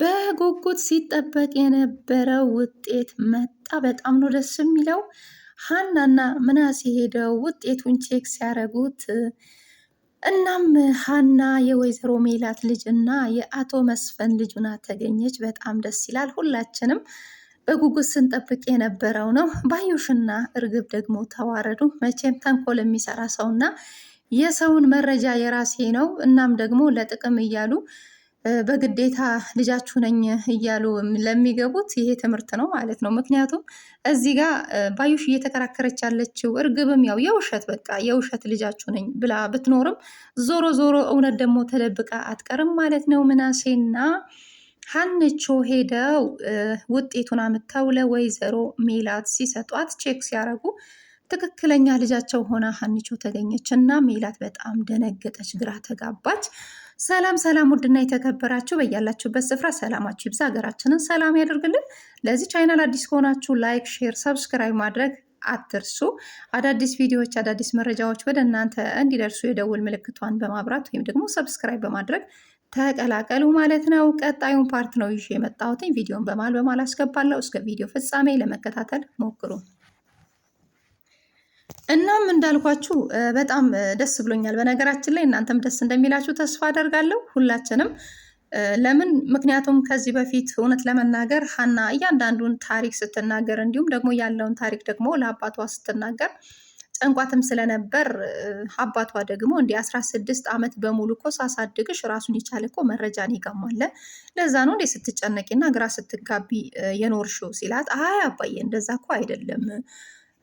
በጉጉት ሲጠበቅ የነበረው ውጤት መጣ። በጣም ነው ደስ የሚለው። ሀናና ምናሴ ሄደው ውጤቱን ቼክ ሲያደርጉት እናም ሀና የወይዘሮ ሜላት ልጅ እና የአቶ መስፈን ልጁና ተገኘች። በጣም ደስ ይላል። ሁላችንም በጉጉት ስንጠብቅ የነበረው ነው። ባዩሽና እርግብ ደግሞ ተዋረዱ። መቼም ተንኮል የሚሰራ ሰውና የሰውን መረጃ የራሴ ነው እናም ደግሞ ለጥቅም እያሉ በግዴታ ልጃችሁ ነኝ እያሉ ለሚገቡት ይሄ ትምህርት ነው ማለት ነው። ምክንያቱም እዚህ ጋር ባዩሽ እየተከራከረች ያለችው እርግብም ያው የውሸት በቃ የውሸት ልጃችሁ ነኝ ብላ ብትኖርም ዞሮ ዞሮ እውነት ደግሞ ተደብቃ አትቀርም ማለት ነው። ምናሴና ሀንቾ ሄደው ውጤቱን አምጥተው ለወይዘሮ ሜላት ሲሰጧት ቼክ ሲያደርጉ ትክክለኛ ልጃቸው ሆና ሀንቾ ተገኘች እና ሜላት በጣም ደነገጠች፣ ግራ ተጋባች። ሰላም ሰላም፣ ውድና የተከበራችሁ በያላችሁበት ስፍራ ሰላማችሁ ይብዛ፣ ሀገራችንን ሰላም ያደርግልን። ለዚህ ቻናል አዲስ ከሆናችሁ ላይክ፣ ሼር፣ ሰብስክራይብ ማድረግ አትርሱ። አዳዲስ ቪዲዮዎች፣ አዳዲስ መረጃዎች ወደ እናንተ እንዲደርሱ የደውል ምልክቷን በማብራት ወይም ደግሞ ሰብስክራይብ በማድረግ ተቀላቀሉ ማለት ነው። ቀጣዩን ፓርት ነው ይዤ የመጣሁትኝ። ቪዲዮን በማል በማል አስገባለሁ። እስከ ቪዲዮ ፍጻሜ ለመከታተል ሞክሩ። እናም እንዳልኳችሁ በጣም ደስ ብሎኛል። በነገራችን ላይ እናንተም ደስ እንደሚላችሁ ተስፋ አደርጋለሁ ሁላችንም። ለምን ምክንያቱም ከዚህ በፊት እውነት ለመናገር ሀና እያንዳንዱን ታሪክ ስትናገር እንዲሁም ደግሞ ያለውን ታሪክ ደግሞ ለአባቷ ስትናገር ጨንቋትም ስለነበር አባቷ ደግሞ እንደ አስራ ስድስት ዓመት በሙሉ እኮ ሳሳድግሽ ራሱን የቻለ እኮ መረጃን ይገማለ ለዛ ነው እንዴ ስትጨነቂና ግራ ስትጋቢ የኖርሽው ሲላት፣ አይ አባዬ እንደዛ እኮ አይደለም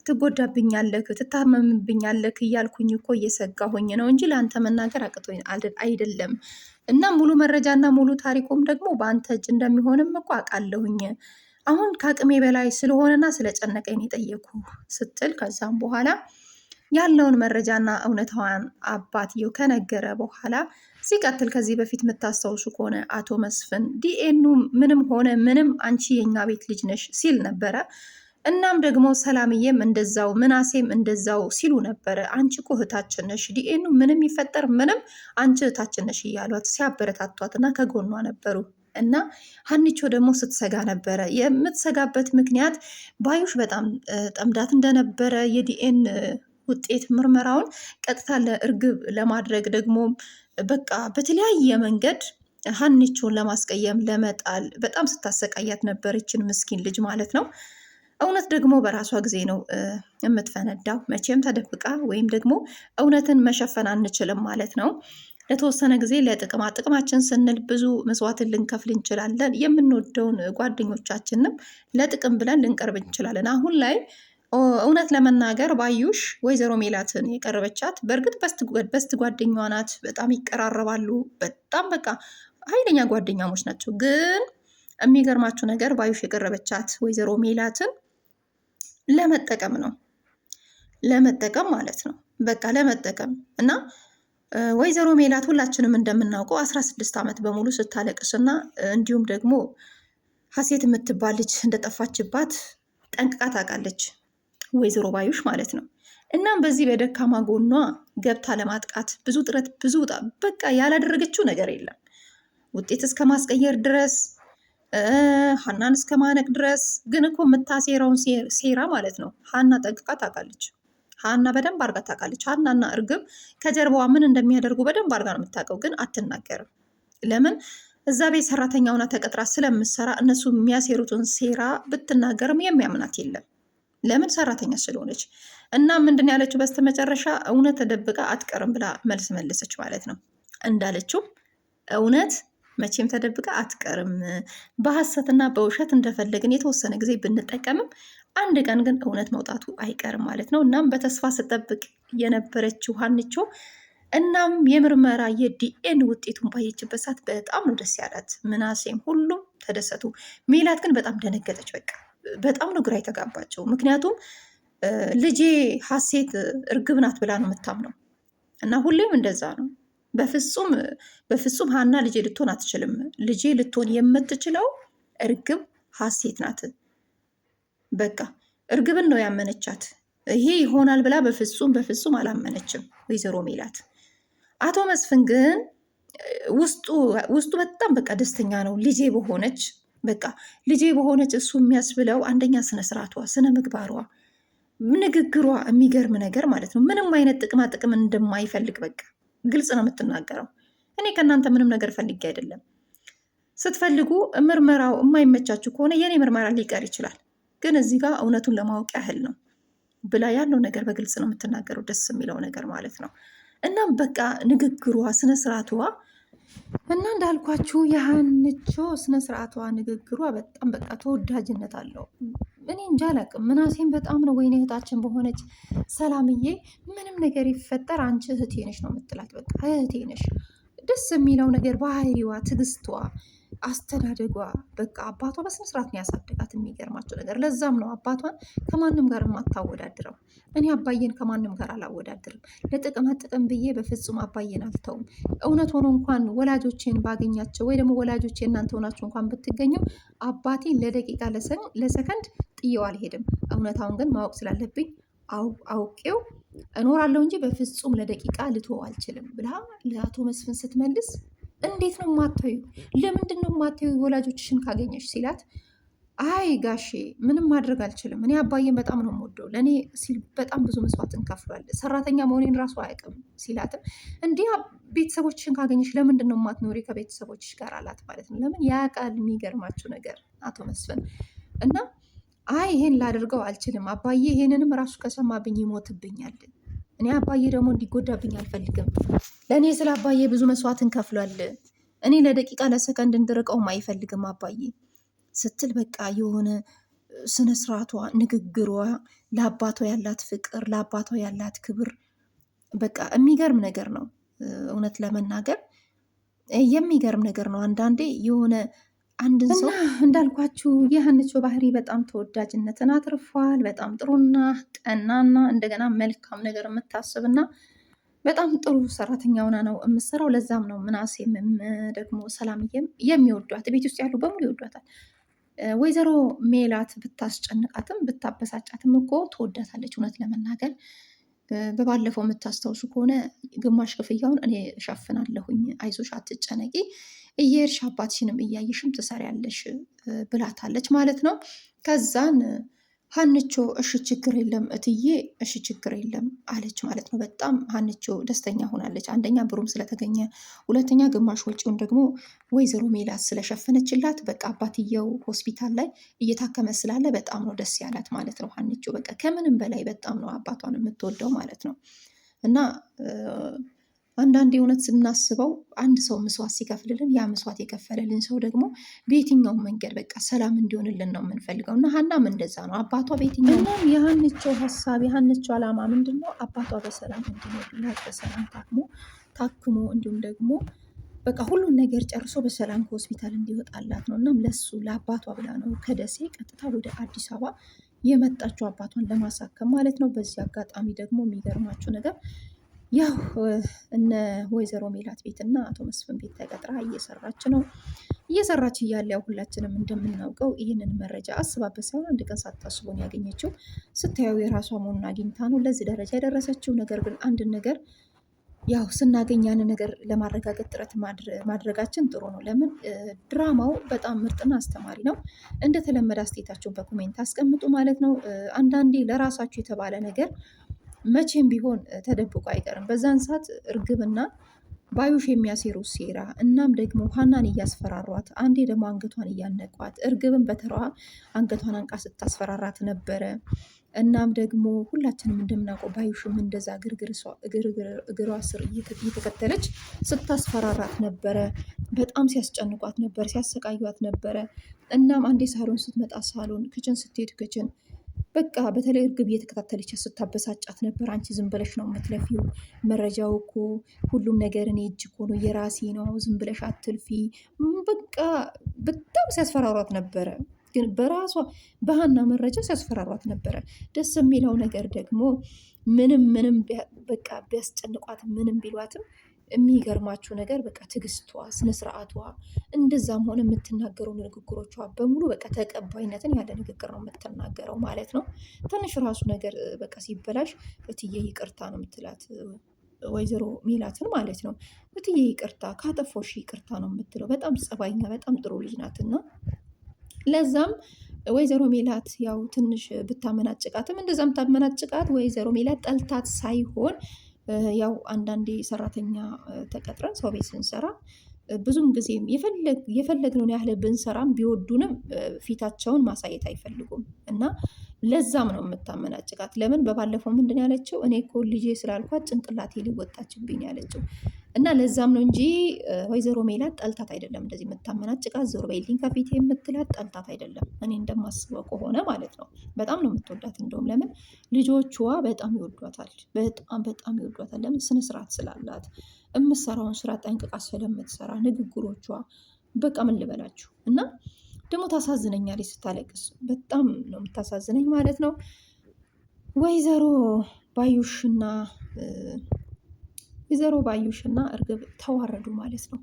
ትጎዳብኛለክ፣ ትታመምብኛለክ እያልኩኝ እኮ እየሰጋሁኝ ነው እንጂ ለአንተ መናገር አቅቶ አይደለም። እና ሙሉ መረጃና ሙሉ ታሪኩም ደግሞ በአንተ እጅ እንደሚሆንም እኮ አውቃለሁኝ። አሁን ከአቅሜ በላይ ስለሆነና ስለጨነቀኝ የጠየኩ ስትል ከዛም በኋላ ያለውን መረጃና እውነታዋን አባትየው ከነገረ በኋላ ሲቀጥል ከዚህ በፊት የምታስታውሱ ከሆነ አቶ መስፍን ዲኤኑ ምንም ሆነ ምንም አንቺ የኛ ቤት ልጅ ነሽ ሲል ነበረ። እናም ደግሞ ሰላምዬም እንደዛው ምናሴም እንደዛው ሲሉ ነበረ። አንቺ እኮ እህታችን ነሽ፣ ዲኤኑ ምንም ይፈጠር ምንም አንቺ እህታችን ነሽ እያሏት ሲያበረታቷት እና ከጎኗ ነበሩ። እና ሀኒቾ ደግሞ ስትሰጋ ነበረ። የምትሰጋበት ምክንያት ባዩሽ በጣም ጠምዳት እንደነበረ የዲኤን ውጤት ምርመራውን ቀጥታ ለእርግብ ለማድረግ ደግሞ በቃ በተለያየ መንገድ ሀኒቾን ለማስቀየም ለመጣል በጣም ስታሰቃያት ነበረችን፣ ምስኪን ልጅ ማለት ነው። እውነት ደግሞ በራሷ ጊዜ ነው የምትፈነዳው። መቼም ተደብቃ ወይም ደግሞ እውነትን መሸፈን አንችልም ማለት ነው። ለተወሰነ ጊዜ ለጥቅማ ጥቅማችን ስንል ብዙ መስዋዕትን ልንከፍል እንችላለን። የምንወደውን ጓደኞቻችንም ለጥቅም ብለን ልንቀርብ እንችላለን። አሁን ላይ እውነት ለመናገር ባዩሽ ወይዘሮ ሜላትን የቀረበቻት በእርግጥ በስት ጓደኛዋ ናት። በጣም ይቀራረባሉ። በጣም በቃ ኃይለኛ ጓደኛሞች ናቸው። ግን የሚገርማችሁ ነገር ባዩሽ የቀረበቻት ወይዘሮ ሜላትን ለመጠቀም ነው ለመጠቀም ማለት ነው። በቃ ለመጠቀም እና ወይዘሮ ሜላት ሁላችንም እንደምናውቀው አስራ ስድስት ዓመት በሙሉ ስታለቅስና እንዲሁም ደግሞ ሀሴት የምትባል ልጅ እንደጠፋችባት ጠንቅቃ ታውቃለች ወይዘሮ ባዩሽ ማለት ነው። እናም በዚህ በደካማ ጎኗ ገብታ ለማጥቃት ብዙ ጥረት ብዙ በቃ ያላደረገችው ነገር የለም ውጤት እስከ ማስቀየር ድረስ ሀናን እስከ ማነቅ ድረስ ግን እኮ የምታሴረውን ሴራ ማለት ነው ሀና ጠንቅቃ ታውቃለች። ሀና በደንብ አርጋ ታውቃለች። ሀናና እርግብ ከጀርባዋ ምን እንደሚያደርጉ በደንብ አርጋ ነው የምታውቀው፣ ግን አትናገርም። ለምን እዛ ቤት ሰራተኛ ሆና ተቀጥራ ስለምሰራ እነሱ የሚያሴሩትን ሴራ ብትናገርም የሚያምናት የለም። ለምን ሰራተኛ ስለሆነች እና ምንድን ያለችው በስተመጨረሻ እውነት ተደብቃ አትቀርም ብላ መልስ መለሰች ማለት ነው። እንዳለችው እውነት መቼም ተደብቃ አትቀርም። በሀሰትና በውሸት እንደፈለግን የተወሰነ ጊዜ ብንጠቀምም አንድ ቀን ግን እውነት መውጣቱ አይቀርም ማለት ነው። እናም በተስፋ ስጠብቅ የነበረችው ሀንቾ እናም የምርመራ የዲኤን ውጤቱን ባየችበት ሰዓት በጣም ነው ደስ ያላት። ምናሴም ሁሉም ተደሰቱ። ሜላት ግን በጣም ደነገጠች። በቃ በጣም ነው ግራ የተጋባቸው። ምክንያቱም ልጄ ሀሴት እርግብ ናት ብላ ነው የምታምነው እና ሁሌም እንደዛ ነው። በፍጹም በፍጹም ሀና ልጄ ልትሆን አትችልም። ልጄ ልትሆን የምትችለው እርግብ ሀሴት ናት። በቃ እርግብን ነው ያመነቻት። ይሄ ይሆናል ብላ በፍጹም በፍጹም አላመነችም ወይዘሮ ሜላት። አቶ መስፍን ግን ውስጡ በጣም በቃ ደስተኛ ነው። ልጄ በሆነች በቃ ልጄ በሆነች እሱ የሚያስብለው አንደኛ ስነ ስርዓቷ፣ ስነ ምግባሯ፣ ንግግሯ የሚገርም ነገር ማለት ነው። ምንም አይነት ጥቅማ ጥቅም እንደማይፈልግ በቃ ግልጽ ነው የምትናገረው። እኔ ከእናንተ ምንም ነገር ፈልጌ አይደለም። ስትፈልጉ ምርመራው የማይመቻችሁ ከሆነ የኔ ምርመራ ሊቀር ይችላል፣ ግን እዚህ ጋር እውነቱን ለማወቅ ያህል ነው ብላ ያለው ነገር በግልጽ ነው የምትናገረው። ደስ የሚለው ነገር ማለት ነው። እናም በቃ ንግግሯ ስነስርዓቷ እና እንዳልኳችሁ የሀንቾ ስነ ስርዓቷ፣ ንግግሯ በጣም በቃ ተወዳጅነት አለው። እኔ እንጃ አላውቅም። ምናሴን በጣም ነው ወይኔ እህታችን በሆነች ሰላምዬ፣ ምንም ነገር ይፈጠር አንቺ እህቴ ነሽ ነው የምትላት። በቃ እህቴ ነሽ። ደስ የሚለው ነገር ባህሪዋ፣ ትዕግስቷ አስተዳደጓ በቃ አባቷ በስነስርዓት ነው ያሳደጋት። የሚገርማቸው ነገር ለዛም ነው አባቷን ከማንም ጋር የማታወዳድረው። እኔ አባዬን ከማንም ጋር አላወዳድርም። ለጥቅማ ጥቅም ብዬ በፍጹም አባዬን አልተውም። እውነት ሆኖ እንኳን ወላጆቼን ባገኛቸው ወይ ደግሞ ወላጆቼ እናንተ ሆናችሁ እንኳን ብትገኙ አባቴን ለደቂቃ ለሰከንድ ጥየው አልሄድም። እውነታውን ግን ማወቅ ስላለብኝ አውቄው እኖራለሁ እንጂ በፍጹም ለደቂቃ ልትወው አልችልም ብላ ለአቶ መስፍን ስትመልስ እንዴት ነው ማታዩ? ለምንድን ነው ማታዩ ወላጆችሽን ካገኘሽ ሲላት አይ ጋሼ ምንም ማድረግ አልችልም። እኔ አባዬን በጣም ነው የምወደው። ለእኔ ሲል በጣም ብዙ መስዋዕትን ከፍሏል። ሰራተኛ መሆኔን ራሱ አያውቅም ሲላትም እንዲህ ቤተሰቦችሽን ካገኘሽ ለምንድን ነው የማትኖሪ ከቤተሰቦችሽ ጋር አላት ማለት ነው። ለምን ያውቃል። የሚገርማችሁ ነገር አቶ መስፍን እና አይ ይሄን ላደርገው አልችልም አባዬ ይሄንንም ራሱ ከሰማብኝ ይሞትብኛል እኔ አባዬ ደግሞ እንዲጎዳብኝ አልፈልግም። ለእኔ ስለ አባዬ ብዙ መስዋዕትን ከፍሏል። እኔ ለደቂቃ ለሰከንድ እንድርቀውም አይፈልግም አባዬ ስትል በቃ የሆነ ስነ ስርዓቷ፣ ንግግሯ፣ ለአባቷ ያላት ፍቅር፣ ለአባቷ ያላት ክብር በቃ የሚገርም ነገር ነው። እውነት ለመናገር የሚገርም ነገር ነው። አንዳንዴ የሆነ አንድን ሰው እንዳልኳችሁ የሀንቾ ባህሪ በጣም ተወዳጅነትን አትርፏል። በጣም ጥሩና ቀናና እንደገና መልካም ነገር የምታስብና በጣም ጥሩ ሰራተኛ ሆና ነው የምሰራው። ለዛም ነው ምናሴም ደግሞ ሰላምዬም የሚወዷት ቤት ውስጥ ያሉ በሙሉ ይወዷታል። ወይዘሮ ሜላት ብታስጨንቃትም ብታበሳጫትም እኮ ትወዳታለች። እውነት ለመናገር በባለፈው የምታስታውሱ ከሆነ ግማሽ ክፍያውን እኔ እሸፍናለሁኝ፣ አይዞሽ አትጨነቂ እየሄድሽ አባትሽንም እያየሽም ትሰሪያለሽ ብላታለች ማለት ነው። ከዛን ሀንቾ እሺ ችግር የለም እትዬ፣ እሺ ችግር የለም አለች ማለት ነው። በጣም ሀንቾ ደስተኛ ሆናለች። አንደኛ ብሩም ስለተገኘ፣ ሁለተኛ ግማሽ ወጪውን ደግሞ ወይዘሮ ሜላት ስለሸፈነችላት በቃ አባትየው ሆስፒታል ላይ እየታከመ ስላለ በጣም ነው ደስ ያላት ማለት ነው። ሀንቾ በቃ ከምንም በላይ በጣም ነው አባቷን የምትወደው ማለት ነው እና አንዳንድ እውነት ስናስበው አንድ ሰው ምስዋት ሲከፍልልን ያ ምስዋት የከፈለልን ሰው ደግሞ በየትኛውም መንገድ በቃ ሰላም እንዲሆንልን ነው የምንፈልገው እና ሀናም እንደዛ ነው። አባቷ በየትኛው የሀንቸው ሀሳብ የሀንቸው አላማ ምንድን ነው? አባቷ በሰላም እንዲኖርላት በሰላም ታክሞ ታክሞ እንዲሁም ደግሞ በቃ ሁሉን ነገር ጨርሶ በሰላም ከሆስፒታል እንዲወጣላት ነው። እናም ለሱ ለአባቷ ብላ ነው ከደሴ ቀጥታ ወደ አዲስ አበባ የመጣችው አባቷን ለማሳከም ማለት ነው። በዚህ አጋጣሚ ደግሞ የሚገርማችሁ ነገር ያው እነ ወይዘሮ ሜላት ቤትና አቶ መስፍን ቤት ተቀጥራ እየሰራች ነው። እየሰራች እያለ ያው ሁላችንም እንደምናውቀው ይህንን መረጃ አስባበት ሳይሆን አንድ ቀን ሳታስቦን ያገኘችው ስታየው የራሷ መሆኑን አግኝታ ነው ለዚህ ደረጃ የደረሰችው። ነገር ግን አንድን ነገር ያው ስናገኝ ያንን ነገር ለማረጋገጥ ጥረት ማድረጋችን ጥሩ ነው። ለምን ድራማው በጣም ምርጥና አስተማሪ ነው። እንደተለመደ አስተያየታችሁን በኮሜንት አስቀምጡ ማለት ነው። አንዳንዴ ለራሳችሁ የተባለ ነገር መቼም ቢሆን ተደብቆ አይቀርም። በዛን ሰዓት እርግብና ባዩሽ የሚያሴሩ ሴራ እናም ደግሞ ሀናን እያስፈራሯት፣ አንዴ ደግሞ አንገቷን እያነቋት፣ እርግብን በተራዋ አንገቷን አንቃ ስታስፈራራት ነበረ። እናም ደግሞ ሁላችንም እንደምናውቀው ባዩሽም እንደዛ እግሯ ስር እየተከተለች ስታስፈራራት ነበረ። በጣም ሲያስጨንቋት ነበር፣ ሲያሰቃዩት ነበረ። እናም አንዴ ሳሎን ስትመጣ ሳሎን፣ ክችን ስትሄድ ክችን በቃ በተለይ እርግብ እየተከታተለች ስታበሳጫት ነበር። አንቺ ዝም ብለሽ ነው የምትለፊው፣ መረጃው እኮ ሁሉም ነገር እኔ እጅ እኮ ነው የራሴ ነው፣ ዝም ብለሽ አትልፊ። በቃ በጣም ሲያስፈራሯት ነበረ። ግን በራሷ በሀና መረጃ ሲያስፈራሯት ነበረ። ደስ የሚለው ነገር ደግሞ ምንም ምንም በቃ ቢያስጨንቋት ምንም ቢሏትም የሚገርማችሁ ነገር በቃ ትዕግስቷ፣ ስነስርዓቷ እንደዛም ሆነ የምትናገረው ንግግሮቿ በሙሉ በቃ ተቀባይነትን ያለ ንግግር ነው የምትናገረው ማለት ነው። ትንሽ ራሱ ነገር በቃ ሲበላሽ እትዬ ይቅርታ ነው የምትላት ወይዘሮ ሜላትን ማለት ነው። እትዬ ይቅርታ፣ ካጠፎሽ ይቅርታ ነው የምትለው። በጣም ጸባይኛ፣ በጣም ጥሩ ልጅ ናትና ለዛም ወይዘሮ ሜላት ያው ትንሽ ብታመናጭቃትም እንደዛም ታመናጭቃት ወይዘሮ ሜላት ጠልታት ሳይሆን ያው አንዳንዴ ሰራተኛ ተቀጥረን ሰው ቤት ስንሰራ ብዙም ጊዜም የፈለግነውን ያህል ብንሰራም ቢወዱንም ፊታቸውን ማሳየት አይፈልጉም እና ለዛም ነው የምታመናጭቃት። ለምን በባለፈው ምንድን ያለችው እኔ እኮ ልጄ ስላልኳት ጭንቅላቴ ሊወጣችብኝ ያለችው እና ለዛም ነው እንጂ ወይዘሮ ሜላት ጠልታት አይደለም እንደዚህ የምታመናጭቃት፣ ዞር በይልኝ ከፊቴ የምትላት ጠልታት አይደለም። እኔ እንደማስበው ከሆነ ማለት ነው በጣም ነው የምትወዳት። እንደውም ለምን ልጆቿ በጣም ይወዷታል፣ በጣም በጣም ይወዷታል። ለምን ስነስርዓት ስላላት፣ የምትሰራውን ስራ ጠንቅቃ ስለምትሰራ፣ ንግግሮቿ በቃ ምን ልበላችሁ እና ደግሞ ታሳዝነኛለች ስታለቅስ፣ በጣም ነው የምታሳዝነኝ ማለት ነው። ወይዘሮ ባዩሽና ወይዘሮ ባዩሽና እርግብ ተዋረዱ ማለት ነው።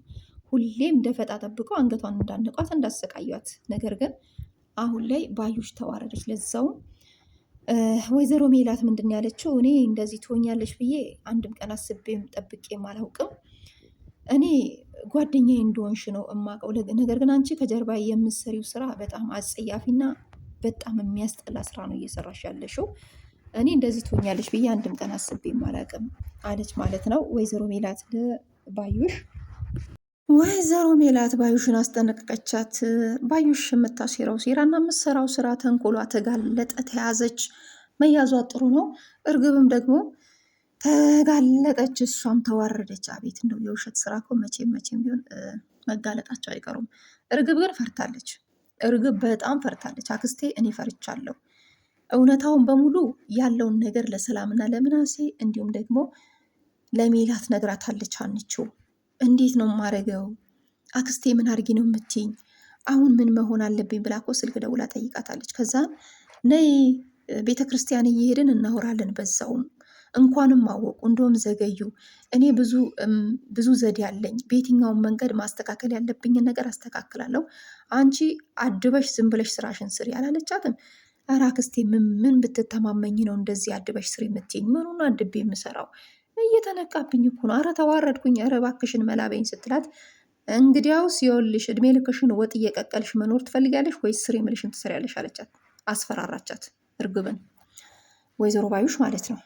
ሁሌም ደፈጣ ጠብቀው አንገቷን እንዳነቋት እንዳሰቃዩት፣ ነገር ግን አሁን ላይ ባዩሽ ተዋረደች። ለዛውም ወይዘሮ ሜላት ምንድን ያለችው እኔ እንደዚህ ትሆኛለች ብዬ አንድም ቀን አስቤም ጠብቄም አላውቅም እኔ ጓደኛ እንደሆንሽ ነው እማቀው። ነገር ግን አንቺ ከጀርባ የምትሰሪው ስራ በጣም አጸያፊና በጣም የሚያስጠላ ስራ ነው እየሰራሽ ያለሽው። እኔ እንደዚህ ትሆኛለሽ ብዬ አንድም ቀን አስቤም አላውቅም አለች ማለት ነው ወይዘሮ ሜላት ባዩሽ ወይዘሮ ሜላት ባዩሽን አስጠነቀቀቻት። ባዩሽ የምታሴረው እና የምትሰራው ስራ ተንኮሏ ተጋለጠ፣ ተያዘች። መያዟ ጥሩ ነው። እርግብም ደግሞ ተጋለጠች፣ እሷም ተዋረደች። አቤት እንደው የውሸት ስራ እኮ መቼም መቼም ቢሆን መጋለጣቸው አይቀሩም። እርግብ ግን ፈርታለች። እርግብ በጣም ፈርታለች። አክስቴ እኔ ፈርቻለሁ። እውነታውን በሙሉ ያለውን ነገር ለሰላምና ለምናሴ እንዲሁም ደግሞ ለሜላት ነግራታለች። አንችው እንዴት ነው የማደርገው? አክስቴ ምን አድርጊ ነው የምትይኝ? አሁን ምን መሆን አለብኝ ብላ እኮ ስልክ ደውላ ጠይቃታለች። ከዛም ነይ ቤተ ክርስቲያን እየሄድን እናወራለን በዛውም እንኳንም አወቁ እንደውም ዘገዩ። እኔ ብዙ ዘዴ አለኝ። በየትኛውን መንገድ ማስተካከል ያለብኝን ነገር አስተካክላለሁ። አንቺ አድበሽ ዝም ብለሽ ስራሽን ስሪ አላለቻትም? ኧረ አክስቴ ምን ብትተማመኝ ነው እንደዚህ አድበሽ ስሪ የምትይኝ? ምኑን አድቤ የምሰራው እየተነቃብኝ እኮ ነው። ኧረ ተዋረድኩኝ። ኧረ እባክሽን መላበኝ ስትላት እንግዲያው ሲወልሽ እድሜ ልክሽን ወጥ እየቀቀልሽ መኖር ትፈልጊያለሽ ወይስ ስር የምልሽን ትሰሪያለሽ? አለቻት። አስፈራራቻት እርግብን ወይዘሮ ባዩሽ ማለት ነው።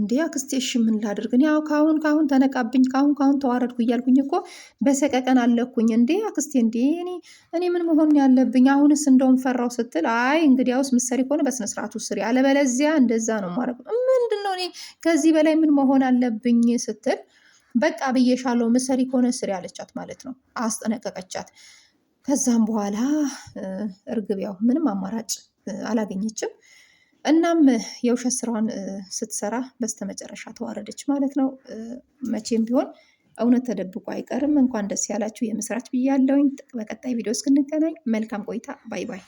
እንዴ አክስቴ፣ እሺ ምን ላድርግ? እኔ ያው ካሁን ካሁን ተነቃብኝ፣ ካሁን ካሁን ተዋረድኩ እያልኩኝ እኮ በሰቀቀን አለኩኝ። እንዴ አክስቴ፣ እንዴ እኔ እኔ ምን መሆን ያለብኝ አሁንስ? እንደውም ፈራው ስትል፣ አይ እንግዲያውስ ምሰሪ ከሆነ በስነስርዓቱ ስሪ፣ አለበለዚያ እንደዛ ነው ማድረግ። ምንድን ነው እኔ ከዚህ በላይ ምን መሆን አለብኝ ስትል፣ በቃ ብዬሻለው፣ ምሰሪ ከሆነ ስሪ አለቻት ማለት ነው፣ አስጠነቀቀቻት። ከዛም በኋላ እርግብ ያው ምንም አማራጭ አላገኘችም። እናም የውሸት ስራዋን ስትሰራ በስተመጨረሻ ተዋረደች ማለት ነው። መቼም ቢሆን እውነት ተደብቆ አይቀርም። እንኳን ደስ ያላችሁ የምስራች ብያለውኝ። በቀጣይ ቪዲዮ እስክንገናኝ መልካም ቆይታ። ባይ ባይ